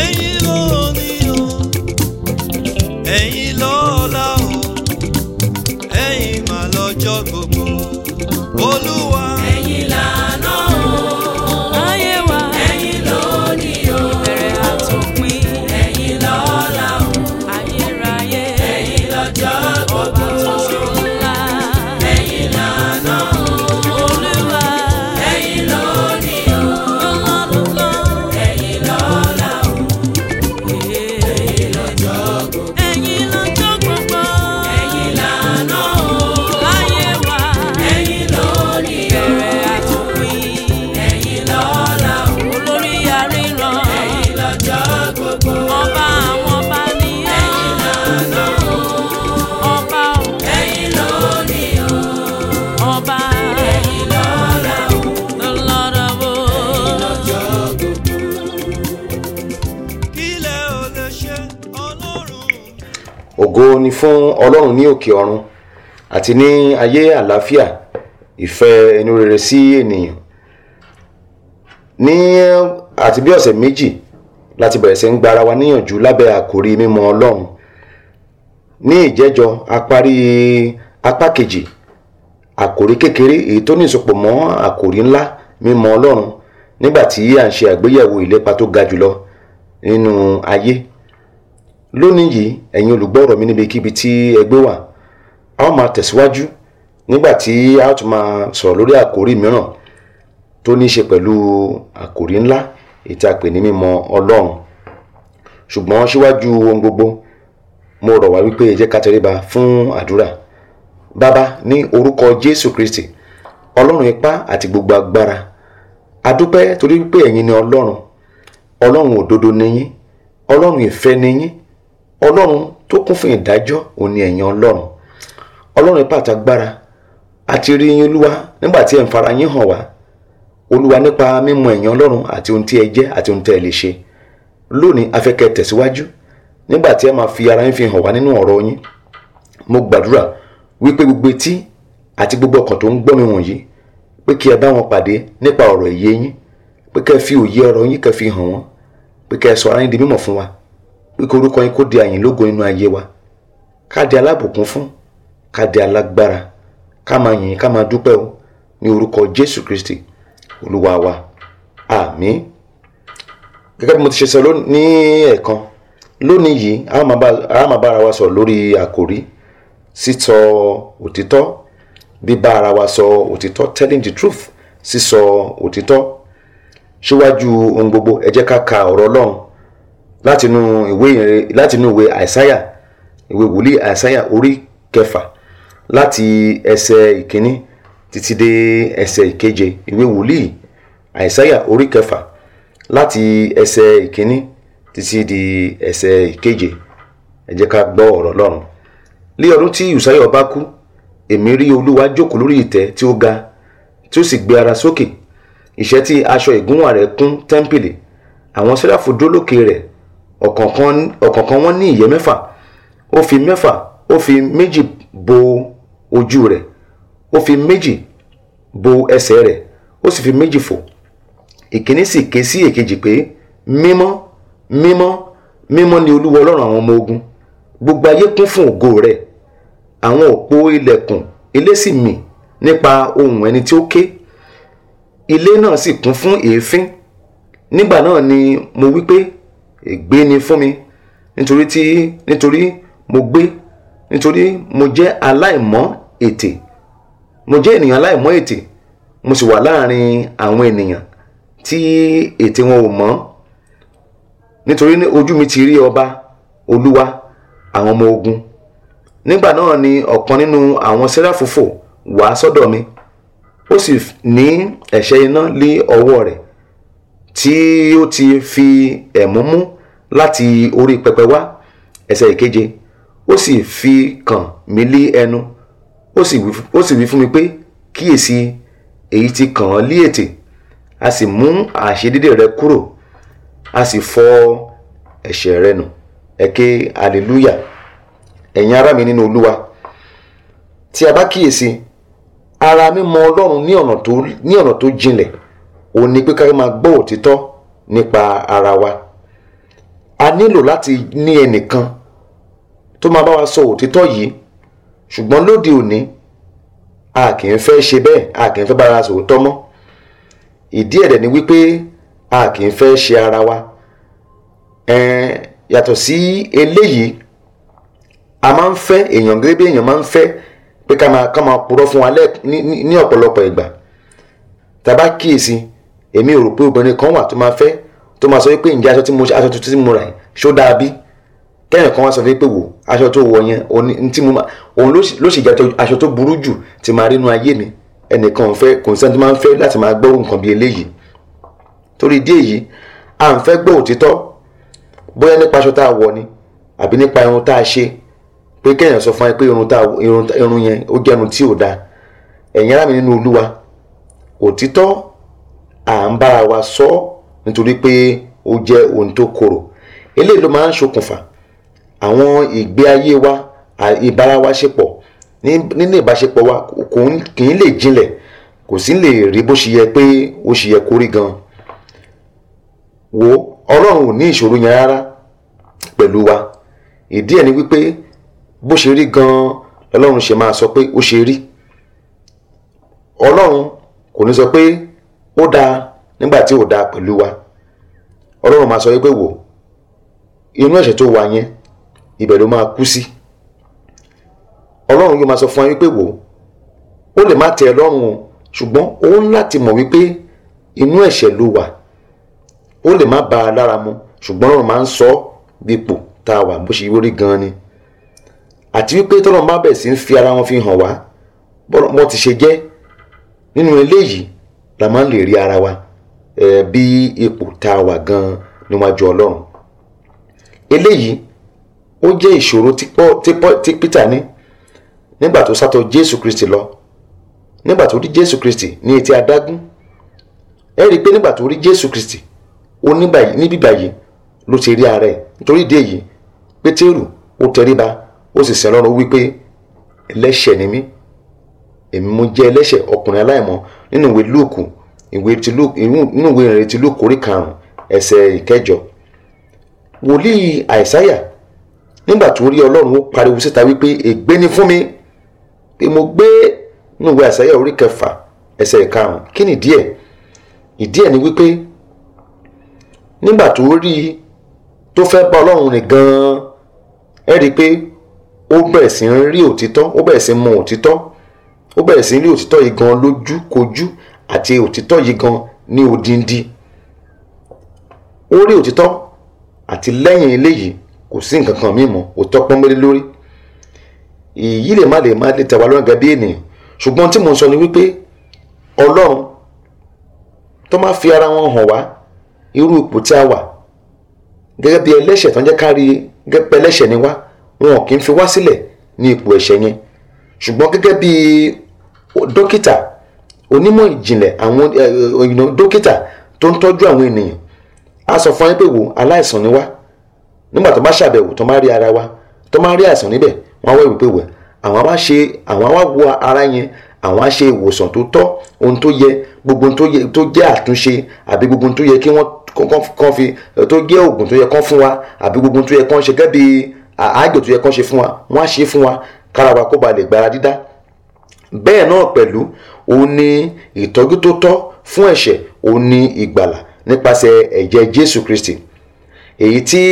ẹ̀yin ló ní o ẹ̀yin lọ́la o ẹ̀yin mà lọ́jọ́ ògo ni fún ọlọ́run ní òkè ọ̀run àti ní ayé àlàáfíà ìfẹ́ ẹnu rere sí ènìyàn ní àti bí ọ̀sẹ̀ méjì láti bẹ̀rẹ̀ sí ń gba ara wa níyànjú lábẹ́ àkòrí mímọ̀ ọlọ́run ní ìjẹ́jọ a parí apá kejì àkòrí kékeré èyí tó ní ìsopọ̀ mọ́ àkòrí ńlá mímọ̀ ọlọ́run nígbà tí à ń ṣe àgbéyẹ̀wò ìlépa tó ga jùlọ nínú ayé lónìí yìí ẹ̀yin olùgbọ́ ọ̀rọ̀ mi níbikíbi tí ẹgbẹ́ wà a ó máa tẹ̀síwájú nígbà tí a ó tún máa sọ̀rọ̀ lórí àkórí mìíràn tó ní í ṣe pẹ̀lú àkórí ńlá ètò àpè ní mímọ̀ ọlọ́run ṣùgbọ́n síwájú ohun gbogbo mo rọ̀ wá wípé ẹ jẹ́ ká tẹríba fún àdúrà bàbá ní orúkọ jésù kristi ọlọ́run ipá àti gbogbo agbára adúpẹ́ torí wípé ẹ̀yin ni ọlọ́run ọlọ́run òdodo ni yín ọlọ́run ìfẹ́ ni yín ọlọ́run tó kún fún ìdájọ́ òun ni ẹ̀yin ọlọ́run ọlọ́run ipá àtagbára àti rí yín olúwa nígbà tí ẹ̀ ń fara yín hàn wá olúwa nípa mímọ̀ ẹ̀yin ọlọ́run àti ohun tí ẹ jẹ́ àti ohun tí ẹ lè ṣe lónìí afẹ́kẹ́ tẹ̀síwájú nígbà tí ẹ máa fi ara yín fi hàn wá nínú ọ̀rọ̀ yín mo gbàdúrà wípé gbogbo etí àti gbogbo ọkàn tó ń gbọ́ mi wọ̀nyí pé kí ẹ bá wọn pàdé nípa ọ̀rọ̀ ìyè yín pé kẹ́ fi òye ọ̀rọ̀ yín kẹ́ fi hàn wọ́n pé kẹ́ sọ ara yín di mímọ̀ fún wa pé kí orúkọ yín kó di àyìnlógo nínú ayé wa ká di alábùkún fún ká di alágbára ká máa yìn ká máa dúpẹ́ o ní orúkọ Jésù Kristi olúwa wa àmín gẹ́gẹ́ bí mo ti ṣe sọ ní ẹ̀kan lónìí yìí a máa bá ara wa sọ lórí àkòrí sísọ òtítọ́ bíbá ara wa sọ òtítọ́ telling the truth sísọ òtítọ́ síwájú ohun gbogbo ẹ jẹ́ ká ka ọ̀rọ̀ Ọlọ́run látinú ìwé ìyìnrere látinú ìwé àìsáyà ìwé wòlíì àìsáyà orí kẹfà láti ẹsẹ̀ ìkíní títí dé ẹsẹ̀ ìkeje ìwé wòlíì àìsáyà orí kẹfà láti ẹsẹ̀ ìkíní títí di ẹsẹ̀ ìkeje ẹ jẹ́ ká gbọ́ ọ̀rọ̀ Ọlọ́run ní ọdún tí Usayo bá kú èmi rí Olúwa jókòó lórí ìtẹ́ tí ó ga tí ó sì gbé ara sókè ìṣẹ́ tí aṣọ ìgúnwà rẹ̀ kún tẹ́ḿpìlì àwọn sẹ́ráfù dúró rẹ̀ ọ̀kọ̀ọ̀kan wọn ní ìyẹ́ mẹ́fà ó fi mẹ́fà ó fi méjì bo ojú rẹ̀ ó fi méjì bo ẹsẹ̀ rẹ̀ ó sì fi méjì fò ìkíní sì ké sí èkejì pé mímọ́ mímọ́ mímọ́ ni olúwa ọlọ́run àwọn ọmọ ogun gbogbo ayé kún fún ògo rẹ̀ àwọn òpó ilẹ̀kùn ilé sì mì nípa ohùn ẹni tí ó ké ilé náà sì kún fún èéfín nígbà náà ni mo wí pé ègbé ni fún mi nítorí tí nítorí mo gbé nítorí mo jẹ́ aláìmọ́ ètè mo jẹ́ ènìyàn aláìmọ́ ètè mo sì wà láàrin àwọn ènìyàn tí ètè wọn ò mọ́ nítorí ojú mi ti rí ọba olúwa àwọn ọmọ ogun nígbà náà ni ọ̀kan nínú àwọn sẹ́ráfù fò sọ́dọ̀ mi ó sì ní ẹ̀ṣẹ́ iná lé ọwọ́ rẹ̀ tí ó ti fi ẹ̀mú mú láti orí pẹpẹ wá ẹsẹ̀ ìkeje ó sì fi kàn mí lí ẹnu ó sì wí fún mi pé kíyèsí èyí ti kàn án lí ètè a sì mú àṣedédé rẹ kúrò a sì fọ ẹ̀ṣẹ̀ rẹ nù ẹ ké ẹ̀yin ará mi nínú olúwa tí a bá kíyèsí ara mímọ̀ ọlọ́run ní ọ̀nà tó jinlẹ̀ òun ni pé ká máa gbọ́ òtítọ́ nípa ara wa a nílò láti ní ẹnìkan tó máa bá wa sọ òtítọ́ yìí ṣùgbọ́n lóde òní a kì í fẹ́ ṣe bẹ́ẹ̀ a kì í fẹ́ bára sòótọ́ mọ́ ìdí ẹ̀dẹ̀ ni wípé a kì í fẹ́ ṣe ara wa yàtọ̀ sí eléyìí a máa ń fẹ́ èèyàn gẹ́gẹ́ bí èèyàn máa ń fẹ́ pé ká máa purọ́ fún wa ní ọ̀pọ̀lọpọ̀ ìgbà tá kíyèsí èmi ò rò pé obìnrin kan wà tó máa fẹ́ tó máa sọ pé ǹjẹ́ aṣọ tí mo aṣọ tuntun tí mo rà yìí ṣó dáa bí kẹ́yìn kan wá sọ pé wò aṣọ tó wọ yẹn òun ló sì jẹ́ aṣọ tó burú jù tí máa rí inú ayé mi ẹnìkan ò fẹ́ kò sí ẹni tó máa ń fẹ́ láti máa gbọ́ nǹkan bíi eléyìí torí ìdí èyí à ń fẹ́ gbọ́ òtítọ́ bóyá nípa aṣọ tá a wọ ni àbí nípa irun tá a ṣe pé kẹ́yìn sọ fún wa pé irun yẹn ó jẹ́ irun tí ò dáa ẹ̀yin ará nínú Olúwa òtítọ́ à ń bára wa sọ ọ́ nítorí pé ó jẹ́ ohun tó korò eléyìí ló máa ń ṣokùnfà àwọn ìgbé ayé wa ìbára wa ṣe pọ̀ nínú ìbáṣepọ̀ wa kò kì í lè jinlẹ̀ kò sí lè rí bó ṣe yẹ pé ó ṣe yẹ kó gan wo ọlọ́run ò ní ìṣòro yẹn rárá pẹ̀lú wa ìdí ẹ̀ ni wípé bó ṣe rí gan ọlọ́run ṣe máa sọ pé ó ṣe rí ọlọ́run kò ní sọ pé ó dáa nígbà tí ò dáa pẹ̀lú wa ọlọ́run máa sọ wípé wò inú ẹ̀ṣẹ̀ tó wà yẹn ibẹ̀ ló máa kú sí ọlọ́run yóò máa sọ fún wa wípé wò ó lè má tẹ ẹ lọ́rùn o ṣùgbọ́n ó ń láti mọ̀ wípé inú ẹ̀ṣẹ̀ ló wà ó lè má bá a lára mu ṣùgbọ́n ọlọ́run máa ń sọ dípò tá a wà bó ṣe wórí gan-an ni àti wípé tọ́lọ́run bẹ̀ sí ń fi ara wọn fi hàn wá bọ́n ti ṣe jẹ́ nínú eléyìí la máa ń lè rí ara wa bí ipò tá a wà gan níwájú ọlọ́run eléyìí ó jẹ́ ìṣòro tí Peter ní nígbà tó sátọ̀ Jésù Kristi lọ nígbà tó rí Jésù Kristi ní etí adágún ẹ rí i pé nígbà tó rí Jésù Kristi ó níbí báyìí ló ti rí ara ẹ̀ nítorí ìdí èyí Pétérù ó tẹríba ó sì sìn wípé ẹlẹ́ṣẹ̀ ni mí èmi mo jẹ́ ẹlẹ́ṣẹ̀ ọkùnrin aláìmọ́ nínú ìwé lúùkù ìwé ti lúùkù nínú ìwé ìrìn ti lúùkù orí karùn-ún ẹsẹ̀ ìkẹjọ wòlíì àìsáyà nígbà tó rí ọlọ́run ó pariwo síta wípé ègbé ni fún mi pé mo gbé nínú ìwé àìsáyà orí kẹfà ẹsẹ̀ ìkarùn-ún kí ni ìdí ẹ̀ ìdí ẹ̀ ni wípé nígbà tó rí tó fẹ́ bá ọlọ́run rìn gan-an ẹ rí i pé ó bẹ̀rẹ̀ sí rí òtítọ́ ó bẹ̀rẹ̀ sí mọ òtítọ́ ó bẹ̀rẹ̀ sí rí òtítọ́ yìí gan lójú kojú àti òtítọ́ yìí gan ní odindi ó rí òtítọ́ àti lẹ́yìn eléyìí kò sí nǹkan kan míì mọ́ òtítọ́ pọ́nmélé lórí èyí lè má lè má lè tẹ̀wá lọ́rùn gẹ́gẹ́ bí ènìyàn ṣùgbọ́n tí mo sọ ni wípé ọlọ́run tó máa fi ara wọn hàn wá irú ipò tí a wà gẹ́gẹ́ bí ẹlẹ́ṣẹ̀ tó ń jẹ́ kárí gẹ́gẹ́ ẹlẹ́ṣẹ̀ ni wá wọn kì í fi wá sílẹ̀ ní ipò ẹ̀ṣẹ̀ yẹn ṣùgbọ́n gẹ́gẹ́ bí dókítà onímọ̀ ìjìnlẹ̀ àwọn dókítà tó ń tọ́jú àwọn ènìyàn á sọ fún yín pé wò aláìsàn ni wá nígbà tó bá ṣàbẹ̀wò tó máa rí ara wa tó máa rí àìsàn níbẹ̀ wọ́n á wá ìwé wẹ̀ àwọn wá ṣe àwọn wá wo ara yẹn àwọn á ṣe ìwòsàn tó tọ́ ohun tó yẹ gbogbo ohun tó jẹ́ àtúnṣe àbí gbogbo ohun tó yẹ kí wọ́n kàn fi tó jẹ́ oògùn tó yẹ kán fún wa àbí gbogbo ohun tó yẹ kán ṣe gẹ́gẹ́ bí àágbò tó yẹ kán ṣe fún wa wọ́n á ṣe fún wa kára wa kó ba lè gbára dídá bẹ́ẹ̀ náà pẹ̀lú òun ni ìtọ́jú tó tọ́ fún ẹ̀ṣẹ̀ òun ni ìgbàlà nípasẹ̀ ẹ̀jẹ̀ Jésù Kristi èyí tí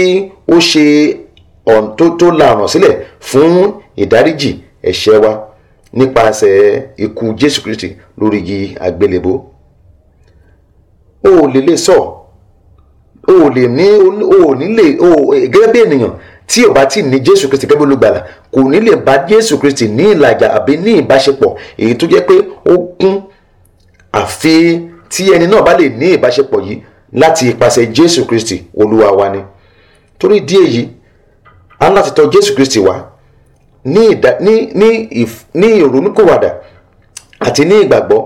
ó ṣe ọ̀n tó tó la ọ̀ràn sílẹ̀ fún ìdáríjì ẹ̀ṣẹ̀ wa nípasẹ̀ ikú Jésù Kristi lórí igi àgbélébó o ò lè lè sọ o ò lè ní o ò ní lè o gẹ́gẹ́ bí ènìyàn tí ò bá tí ní jésù kristi gẹ́gẹ́ bí olùgbàlà kò ní lè bá jésù kristi ní ìlàjà àbí ní ìbáṣepọ̀ èyí tó jẹ́ pé ó kún àfi tí ẹni náà bá lè ní ìbáṣepọ̀ yìí láti ipasẹ̀ jésù kristi olúwa wa ni torí ìdí èyí a láti tọ̀ jésù kristi wá ní ìdá ní ní ní ìrònúkúwàdà àti ní ìgbàgbọ́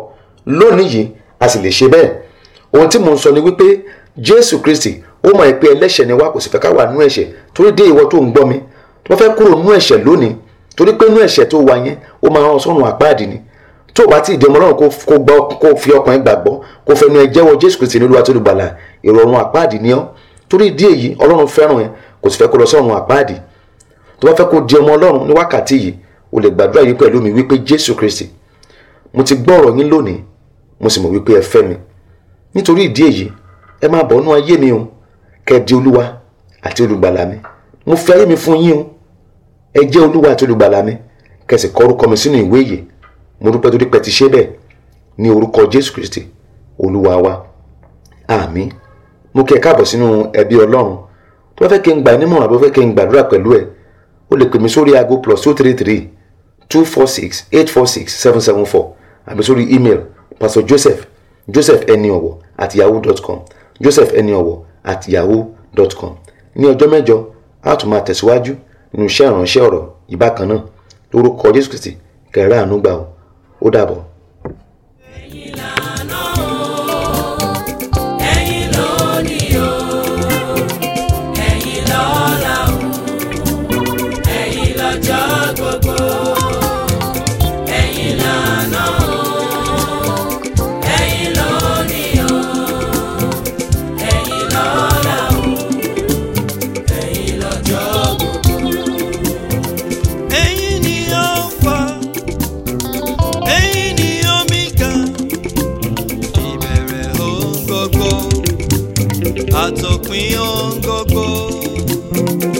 lónìí yìí a sì lè ṣe bẹ́ẹ̀ ohun tí mo ń sọ ni wípé jésù kristi ó mọ̀ pé ẹlẹ́ṣẹ̀ ni wá kò sì fẹ́ ká wà nú ẹ̀ṣẹ̀ torí dé ìwọ tó ń gbọ́ mi tó fẹ́ kúrò nú ẹ̀ṣẹ̀ lónìí torí pé nú ẹ̀ṣẹ̀ tó wà yẹn ó máa rán sọ́run àpáàdì ni tó o bá ti ìdẹ́mọ Ọlọ́run kó gbọ́ kó fi ọkàn ẹ̀ gbàgbọ́ kó fẹnu ẹ jẹ́wọ́ Jésù Kristi ní Olúwa tó lù gbàlà ìrọ̀rùn àpáàdì ni ọ́ torí ìdí èyí Ọlọ́run fẹ́ràn ẹ kò sì fẹ́ kó lọ sọ́run àpáàdì tó bá fẹ́ kó di ọmọ Ọlọ́run ní wákàtí yìí o lè gbàdúrà yìí pẹ̀lú mi wípé Jésù Kristi mo ti gbọ́ ọ̀rọ̀ yín lónìí nítorí ìdí èyí ẹ máa bọ̀ nú ayé mi o kẹ́ di olúwa àti olùgbàlà mi mo fi ayé mi fún yín o ẹ jẹ́ olúwa àti olùgbàlà mi kẹ́ sì kọ orúkọ mi sínú ìwé ìyè mo dúpẹ́ torí pé ti ṣe bẹ́ẹ̀ ní orúkọ jésù kristi olúwa wa àmín mo kí ẹ káàbọ̀ sínú ẹbí ọlọ́run tó bá fẹ́ kí n gbà nímọ̀ àbí ó fẹ́ kí n gbàdúrà pẹ̀lú ẹ o lè pè mí sórí aago plus two three three two four six eight four six seven seven four àbí sórí email pastor joseph joseph eniowo at yahoo dot com joseph eniowo at yahoo.com. dot com ní ọjọ́ mẹ́jọ a tún máa tẹ̀síwájú nínú iṣẹ́ ìránṣẹ́ ọ̀rọ̀ ìbákan náà lórúkọ Jésù Kristi kẹrẹ́ àánú gbà ó dàbọ̀. góńgógó.